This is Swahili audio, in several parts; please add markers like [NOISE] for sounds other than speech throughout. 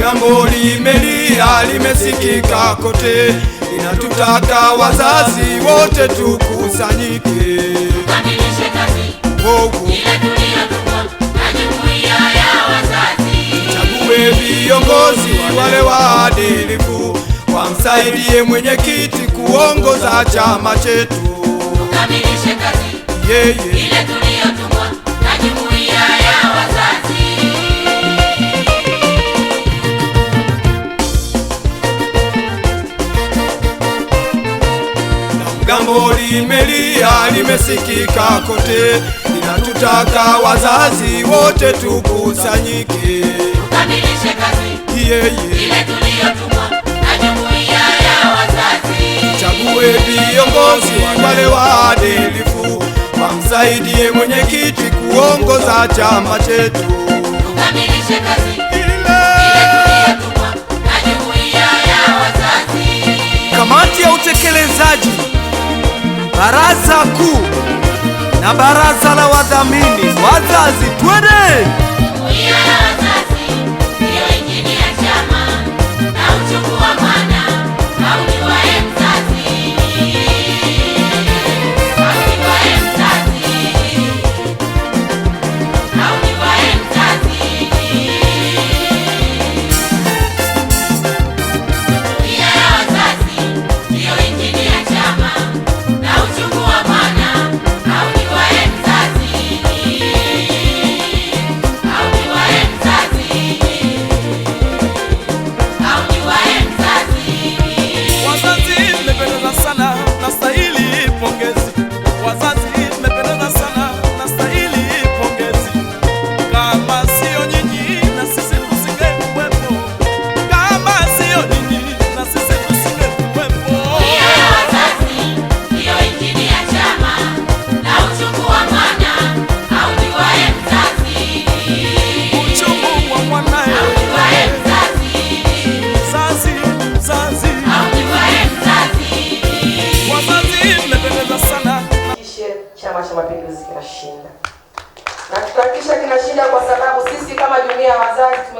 Jambo limelia limesikika kote, inatutaka wazazi wote tukusanyike chague viongozi wale waadilifu wamsaidie mwenyekiti kuongoza chama chetu. limelia, limesikika kote, linatutaka wazazi wote tukusanyike, tukamilishe kazi yeah, yeah, ile tuliyotumwa na jumuiya ya wazazi. Chague viongozi wale waadilifu, wamsaidie mwenyekiti kuongoza chama chetu, tukamilishe kazi kamati ya utekelezaji baraza kuu na baraza la wadhamini wazazi, twende wazazi, injini ya chama na wa mwana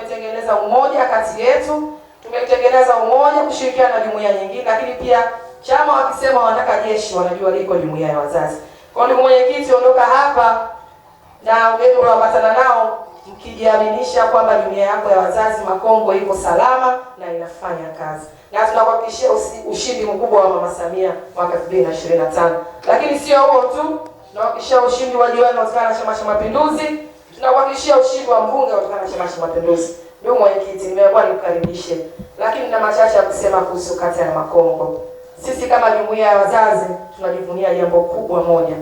tumetengeneza umoja kati yetu, tumetengeneza umoja kushirikiana na jumuiya nyingine, lakini pia chama wakisema wanataka jeshi, wanajua liko jumuiya ya wazazi. Kwa hiyo mwenyekiti, ondoka hapa na wewe unaoambatana nao mkijiaminisha kwamba jumuiya yako ya wazazi Makongo iko salama na inafanya kazi, na tunakuhakikishia ushindi mkubwa wa Mama Samia mwaka 2025. Lakini sio huo tu, tunakuhakikishia ushindi wa diwani wa Chama cha Mapinduzi Tunakuhakikishia ushindi wa mbunge kutokana na Chama cha Mapinduzi. Ndio mwenyekiti, nimekuwa nikukaribishe, lakini na machache ya kusema kuhusu kata ya Makongo. Sisi kama jumuiya ya wazazi tunajivunia jambo kubwa moja.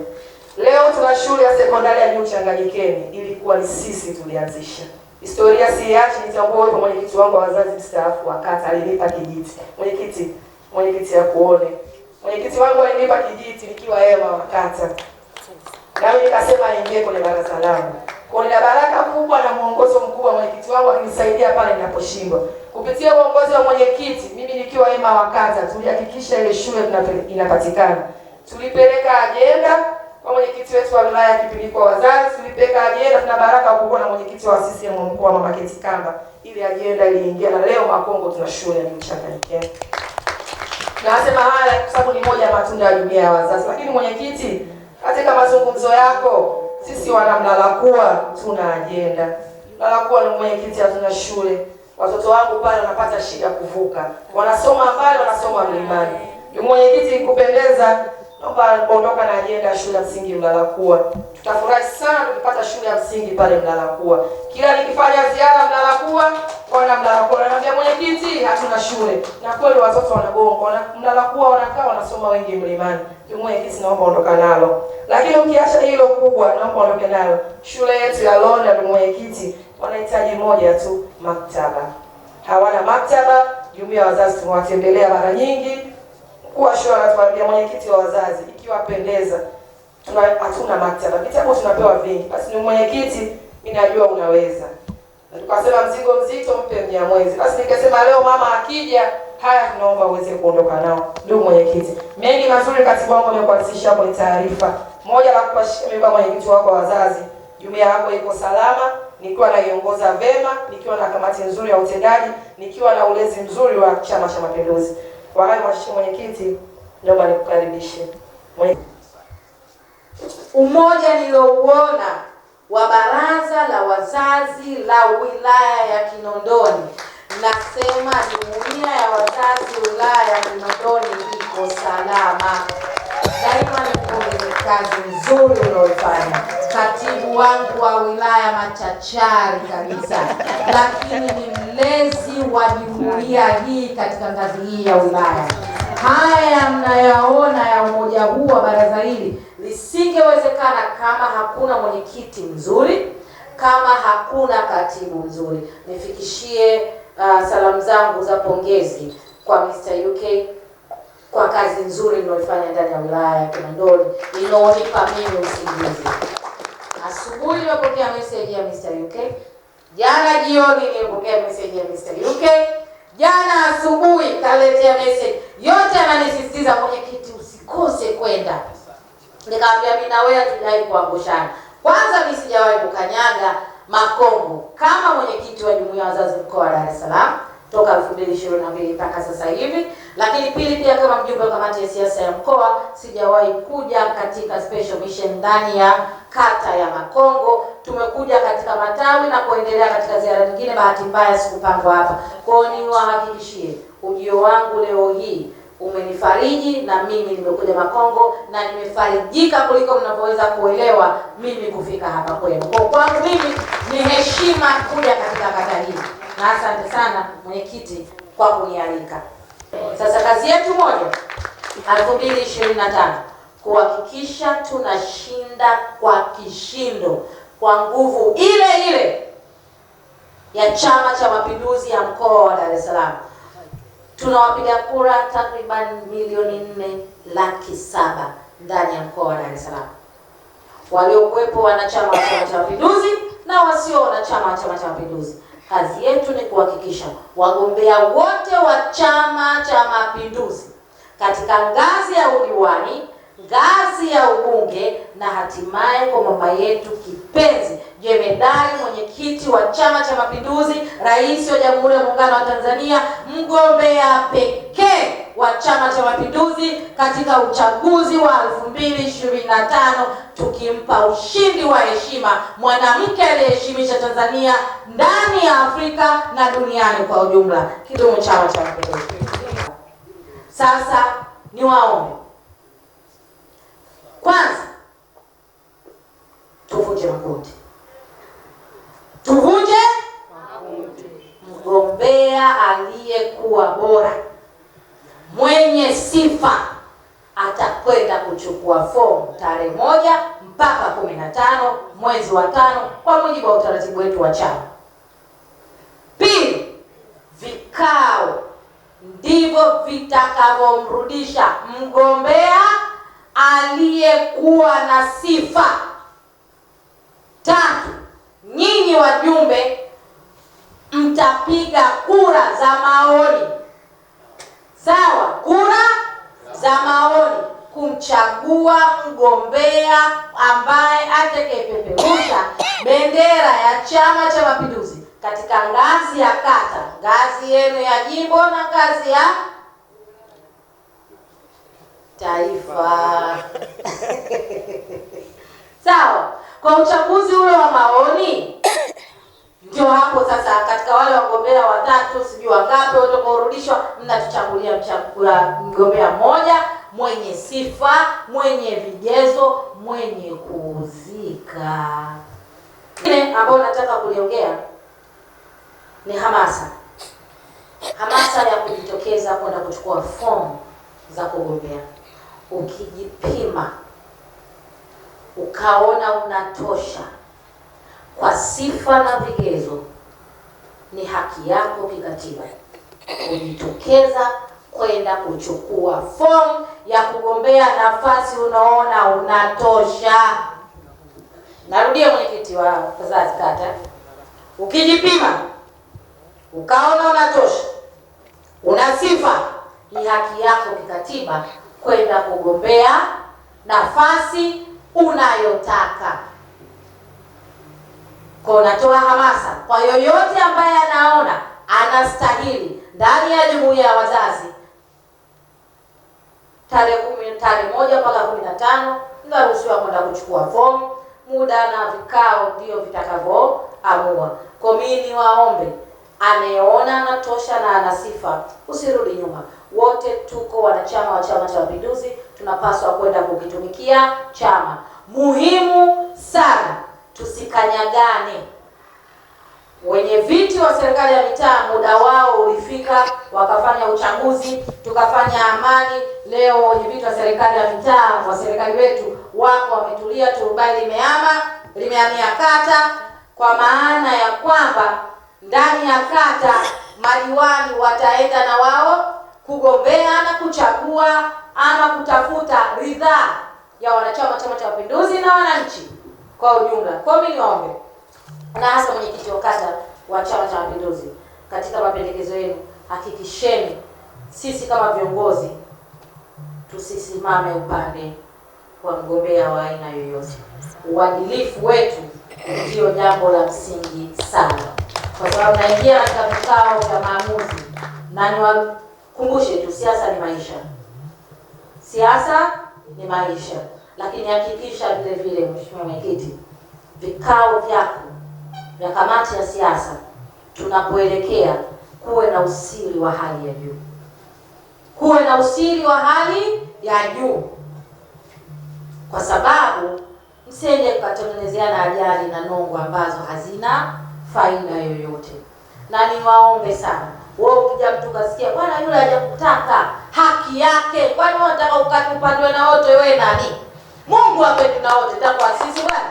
Leo tuna shule ya sekondari ya juu Changanyikeni, ilikuwa ni sisi tulianzisha. Historia siiachi, nitambua wewe mwenyekiti wangu wa wazazi mstaafu wa kata alinipa kijiti. Mwenyekiti, mwenyekiti ya kuone. Mwenyekiti wangu alinipa kijiti nikiwa hewa wa kata. Nami nikasema aingie kwenye baraza langu. Kwa nina baraka kubwa na mwongozo mkuu wa mwenyekiti wangu akinisaidia pale ninaposhindwa. Kupitia uongozi wa mwenyekiti, mimi nikiwa ema wa kata, tulihakikisha ile shule inapatikana. Tulipeleka ajenda kwa mwenyekiti wetu wa wilaya kipindi kwa wazazi, tulipeleka ajenda. Tuna baraka kubwa na mwenyekiti wa CCM wa Mama Keti Kamba, ile ajenda iliingia, na leo Makongo tuna shule ya mchanganyike. Nasema haya kwa sababu ni moja ya matunda ya jumuiya ya wazazi. Lakini mwenyekiti, katika mazungumzo yako sisi wana Mlalakuwa tuna ajenda. Mlalakuwa ni mwenyekiti, hatuna shule. Watoto wangu pale wanapata shida kuvuka, wanasoma pale, wanasoma mlimani. Mwenyekiti, kupendeza naomba ondoka na ajenda shule ya msingi Mlalakuwa. Tutafurahi sana tukipata shule ya msingi pale Mlalakuwa. Kila nikifanya ziara Mlalakuwa, wana Mlalakuwa wananiambia mwenyekiti, hatuna shule. Na kweli watoto wanagonga, wana Mlalakuwa wanakaa wanasoma wengi mlimani. Mwenyekiti, naomba ondoka nalo. Lakini ukiacha hilo kubwa, naomba ondoke nalo. Shule yetu ya Londa, mwenyekiti, wanahitaji moja tu, maktaba. Hawana maktaba. Jumuiya ya wazazi tumewatembelea mara nyingi mkuu wa shule anatuambia, mwenyekiti wa wazazi, ikiwapendeza tuna hatuna maktaba, vitabu tunapewa vingi. Basi ni mwenyekiti, mimi najua unaweza. Na tukasema mzigo mzito mpe mwezi. Basi nikasema leo mama akija, haya tunaomba uweze kuondoka nao. Ndugu mwenyekiti, mengi mazuri katibu wangu amekuanzisha hapo taarifa. Moja la kupashia mwenyekiti wako wa wazazi, jumuiya yako iko salama nikiwa naiongoza vema, nikiwa na kamati nzuri ya utendaji, nikiwa na ulezi mzuri wa Chama cha Mapinduzi. Kwa hayo mheshimiwa mwenyekiti, naomba nikukaribishe. Umoja niliouona wa baraza la wazazi la wilaya ya Kinondoni, nasema jumuiya ya wazazi wilaya ya Kinondoni iko salama daima. Nikupongeze kazi nzuri unaoifanya katibu wangu wa wilaya machachari kabisa, lakini ni mlezi wa jumuiya hii katika ngazi hii ya wilaya. Haya mnayaona ya umoja huu wa baraza hili lisingewezekana kama hakuna mwenyekiti mzuri, kama hakuna katibu mzuri. Nifikishie uh, salamu zangu za pongezi kwa Mr. UK kwa kazi nzuri inayoifanya ndani ya wilaya ya Kinondoni inaonipa mimi usingizi. Asubuhi nimepokea message ya Mr. UK Jana jioni nilipokea message ya Mr. UK, jana asubuhi kaletea message, yote ananisisitiza mwenyekiti, usikose kwenda. Nikamwambia mimi na wewe hatujai kuangushana. Kwanza mimi sijawahi kukanyaga Makongo kama mwenyekiti wa jumuiya ya wazazi mkoa wa Dar es Salaam toka 2022 mpaka sasa hivi, lakini pili, pia kama mjumbe wa kamati ya siasa ya mkoa sijawahi kuja katika special mission ndani ya kata ya Makongo tumekuja katika matawi na kuendelea katika ziara nyingine. Bahati mbaya sikupangwa hapa kwao. Niwahakikishie ujio wangu leo hii umenifariji na mimi nimekuja Makongo na nimefarijika kuliko mnavyoweza kuelewa mimi kufika hapa kwenu. Kwa kwangu mimi ni heshima kuja katika kata hii, na asante sana mwenyekiti kwa kunialika. Sasa kazi yetu moja elfu mbili ishirini na tano kuhakikisha tunashinda kwa kishindo kwa nguvu ile ile ya Chama cha Mapinduzi ya mkoa wa Dar es Salaam. tunawapiga kura takriban milioni nne laki saba ndani ya mkoa wa Dar es Salaam, waliokuwepo wanachama wa Chama cha Mapinduzi na wasio wanachama wa Chama cha Mapinduzi. Kazi yetu ni kuhakikisha wagombea wote wa Chama cha Mapinduzi katika ngazi ya udiwani ngazi ya ubunge na hatimaye kwa mama yetu kipenzi jemedari, mwenyekiti wa Chama cha Mapinduzi, rais wa Jamhuri ya Muungano wa Tanzania, mgombea pekee wa Chama cha Mapinduzi katika uchaguzi wa 2025 tukimpa ushindi wa heshima mwanamke aliyeheshimisha Tanzania ndani ya Afrika na duniani kwa ujumla. Kidumu Chama cha Mapinduzi! Sasa waombe tuvunje makundi, tuvunje makundi. Mgombea aliyekuwa bora mwenye sifa atakwenda kuchukua fomu tarehe moja mpaka kumi na tano mwezi wa tano kwa mujibu wa utaratibu wetu wa chama. Pili, vikao ndivyo vitakavyomrudisha mgombea aliyekuwa na sifa Tatu, nyinyi wajumbe mtapiga kura za maoni, sawa? Kura za maoni kumchagua mgombea ambaye atakayepeperusha bendera ya Chama cha Mapinduzi katika ngazi ya kata, ngazi yenu ya jimbo na ngazi ya taifa. [LAUGHS] Sawa. Kwa uchaguzi ule wa maoni ndio hapo sasa, katika wale wagombea watatu sijui wangapi watakaorudishwa, mnatuchagulia mgombea mmoja mwenye sifa, mwenye vigezo, mwenye kuuzika. Ile ambayo nataka kuliongea ni hamasa, hamasa ya kujitokeza kwenda kuchukua fomu za kugombea ukijipima ukaona unatosha kwa sifa na vigezo, ni haki yako kikatiba kujitokeza kwenda kuchukua fomu ya kugombea nafasi unaona unatosha. Narudia, mwenyekiti wa wazazi kata, ukijipima ukaona unatosha, una sifa, ni haki yako kikatiba kwenda kugombea nafasi unayotaka. Kwa natoa hamasa kwa yoyote ambaye anaona anastahili ndani ya jumuiya ya wazazi, tarehe kumi tarehe moja mpaka kumi na tano mnaruhusiwa kwenda kuchukua fomu, muda na vikao ndio vitakavyoamua. Kwa mimi niwaombe, waombe anayeona anatosha na ana sifa, usirudi nyuma. Wote tuko wanachama wa Chama cha Mapinduzi, tunapaswa kwenda kukitumikia chama. Muhimu sana tusikanyagane. Wenye viti wa serikali ya mitaa muda wao ulifika, wakafanya uchaguzi, tukafanya amani. Leo wenye viti wa serikali ya mitaa wa serikali wetu wako wametulia, turubai limeama limehamia kata, kwa maana ya kwamba ndani ya kata, madiwani wataenda na wao kugombea na kuchagua ama kutafuta ridhaa ya wanachama Chama cha Mapinduzi na wananchi kwa ujumla. Kwa mimi niombe na hasa mwenyekiti wa kata wa Chama cha Mapinduzi, katika mapendekezo yenu hakikisheni sisi kama viongozi tusisimame upande wa mgombea wa aina yoyote. Uadilifu wetu ndio jambo la msingi sana kwa sababu naingia katika vikao vya maamuzi, na niwakumbushe tu, siasa ni maisha, siasa ni maisha. Lakini hakikisha vile vile, mheshimiwa mwenyekiti, vikao vyako vya kamati ya siasa tunapoelekea, kuwe na usiri wa hali ya juu, kuwe na usiri wa hali ya juu, kwa sababu msende kukatengenezeana ajali na nongo ambazo hazina faida yoyote. Na niwaombe sana, wewe ukija mtu kasikia bwana yule hajakutaka haki yake, kwani wewe unataka ukatupandwe na wote? Wewe nani? Mungu apendwe na wote, sisi bwana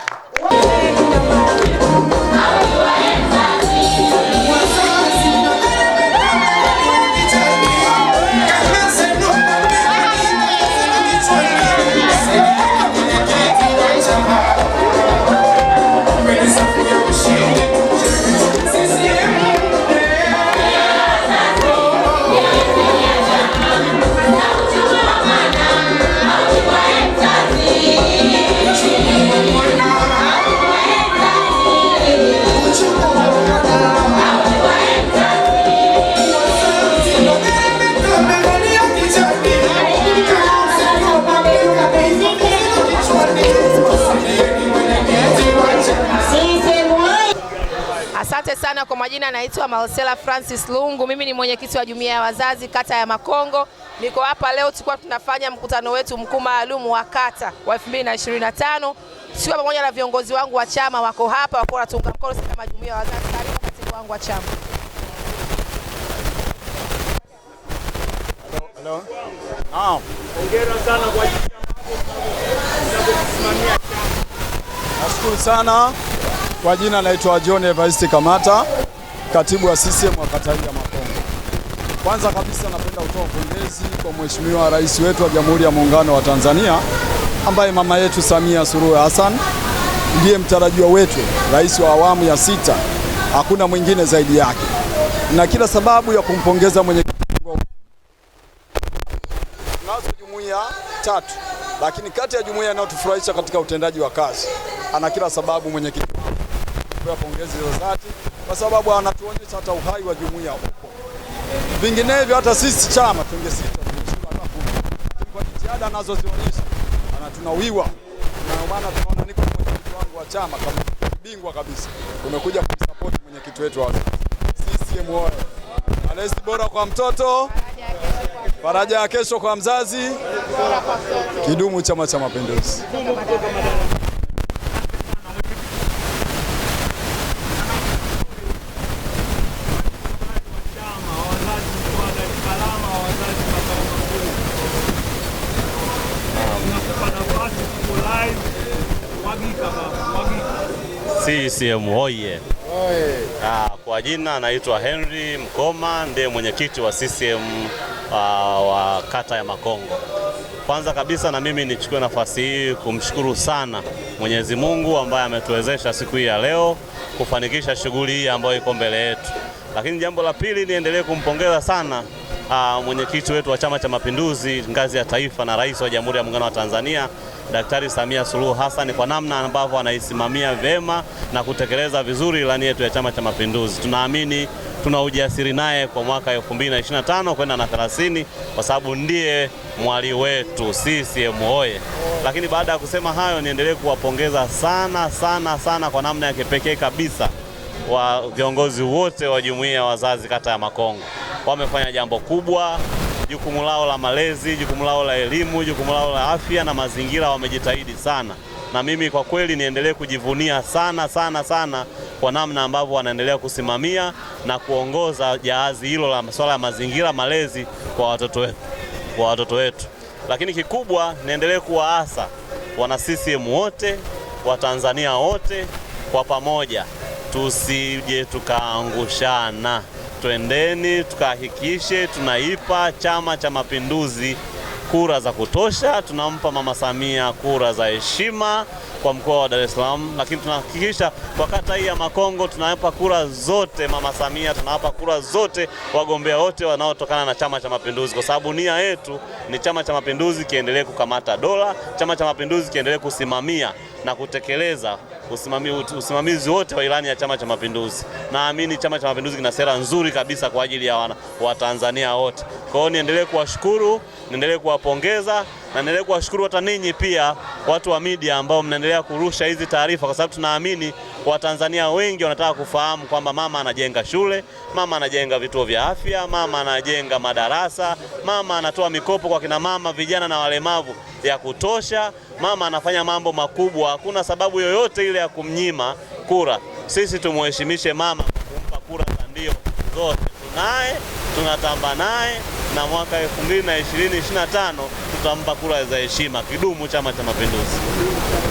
sana. Kwa majina naitwa Marcela Francis Lungu, mimi ni mwenyekiti wa jumuiya ya wazazi kata ya Makongo. Niko hapa leo, tulikuwa tunafanya mkutano wetu mkuu maalum wa kata wa 2025 sio, pamoja na viongozi wangu wa chama wako hapa, wapo wanatunga mkono sisi kama jumuiya ya wazazi. Karibu katibu wangu wa chama. Hello. hello. Naam. Hongera sana kwa ajili ya Nashukuru sana. Kwa jina naitwa John Evaristi Kamata, katibu wa CCM wa kata ya Makongo. Kwanza kabisa napenda kutoa pongezi kwa Mheshimiwa Rais wetu wa Jamhuri ya Muungano wa Tanzania ambaye mama yetu Samia Suluhu Hassan ndiye mtarajiwa wetu rais wa awamu ya sita, hakuna mwingine zaidi yake, na kila sababu ya kumpongeza mwenyekiti. Tunazo jumuiya tatu, lakini kati ya jumuiya inayotufurahisha katika utendaji wa kazi, ana kila sababu mwenyekiti tunapewa pongezi za dhati, kwa sababu anatuonyesha hata uhai wa jumuiya huko. Vinginevyo hata sisi chama tungesita kwa jitihada anazozionyesha anatunawiwa, na maana tunaona niko na mwenyekiti wangu wa chama kama bingwa kabisa, umekuja kumsupport mwenyekiti wetu wa CCM oye! Malezi bora kwa mtoto, faraja ya kesho kwa mzazi. Kidumu Chama cha Mapinduzi! CCM oye! Ah, kwa jina anaitwa Henry Mkoma, ndiye mwenyekiti wa CCM ah, wa kata ya Makongo. Kwanza kabisa na mimi nichukue nafasi hii kumshukuru sana Mwenyezi Mungu ambaye ametuwezesha siku hii ya leo kufanikisha shughuli hii ambayo iko mbele yetu. Lakini jambo la pili niendelee kumpongeza sana uh, mwenyekiti wetu wa Chama cha Mapinduzi ngazi ya taifa na rais wa Jamhuri ya Muungano wa Tanzania Daktari Samia Suluhu Hassan kwa namna ambavyo anaisimamia vyema na kutekeleza vizuri ilani yetu ya Chama cha Mapinduzi. Tunaamini tuna ujasiri naye kwa mwaka 2025 kwenda na 30 kwa sababu ndiye mwali wetu CCM oye. Lakini baada ya kusema hayo, niendelee kuwapongeza sana sana sana kwa namna ya kipekee kabisa wa viongozi wote wa jumuiya ya wazazi kata ya Makongo wamefanya jambo kubwa. Jukumu lao la malezi, jukumu lao la elimu, jukumu lao la afya na mazingira, wamejitahidi sana, na mimi kwa kweli niendelee kujivunia sana sana sana kwa namna ambavyo wanaendelea kusimamia na kuongoza jahazi hilo la masuala ya mazingira, malezi kwa watoto wetu, kwa watoto wetu. Lakini kikubwa niendelee kuwaasa wana CCM wote, Watanzania wote, kwa pamoja tusije tukaangushana twendeni tukahakikishe tunaipa Chama cha Mapinduzi kura za kutosha, tunampa Mama Samia kura za heshima kwa mkoa wa Dar es Salaam, lakini tunahakikisha kwa kata hii ya Makongo tunawapa kura zote Mama Samia, tunawapa kura zote wagombea wote wanaotokana na Chama cha Mapinduzi, kwa sababu nia yetu ni Chama cha Mapinduzi kiendelee kukamata dola, Chama cha Mapinduzi kiendelee kusimamia na kutekeleza usimamizi wote wa ilani ya Chama cha Mapinduzi. Naamini Chama cha Mapinduzi kina sera nzuri kabisa kwa ajili ya Watanzania wote. Kwa hiyo niendelee kuwashukuru, niendelee kuwapongeza na niendelee kuwashukuru hata ninyi pia watu wa media ambao mnaendelea kurusha hizi taarifa, kwa sababu tunaamini Watanzania wengi wanataka kufahamu kwamba mama anajenga shule, mama anajenga vituo vya afya, mama anajenga madarasa, mama anatoa mikopo kwa kina mama, vijana na walemavu ya kutosha, mama anafanya mambo makubwa. Hakuna sababu yoyote ile ya kumnyima kura. Sisi tumuheshimishe mama, kumpa kura za ndio zote. Tunaye, tunatamba naye, na mwaka 2020 2025 tutampa kura za heshima. Kidumu Chama cha Mapinduzi!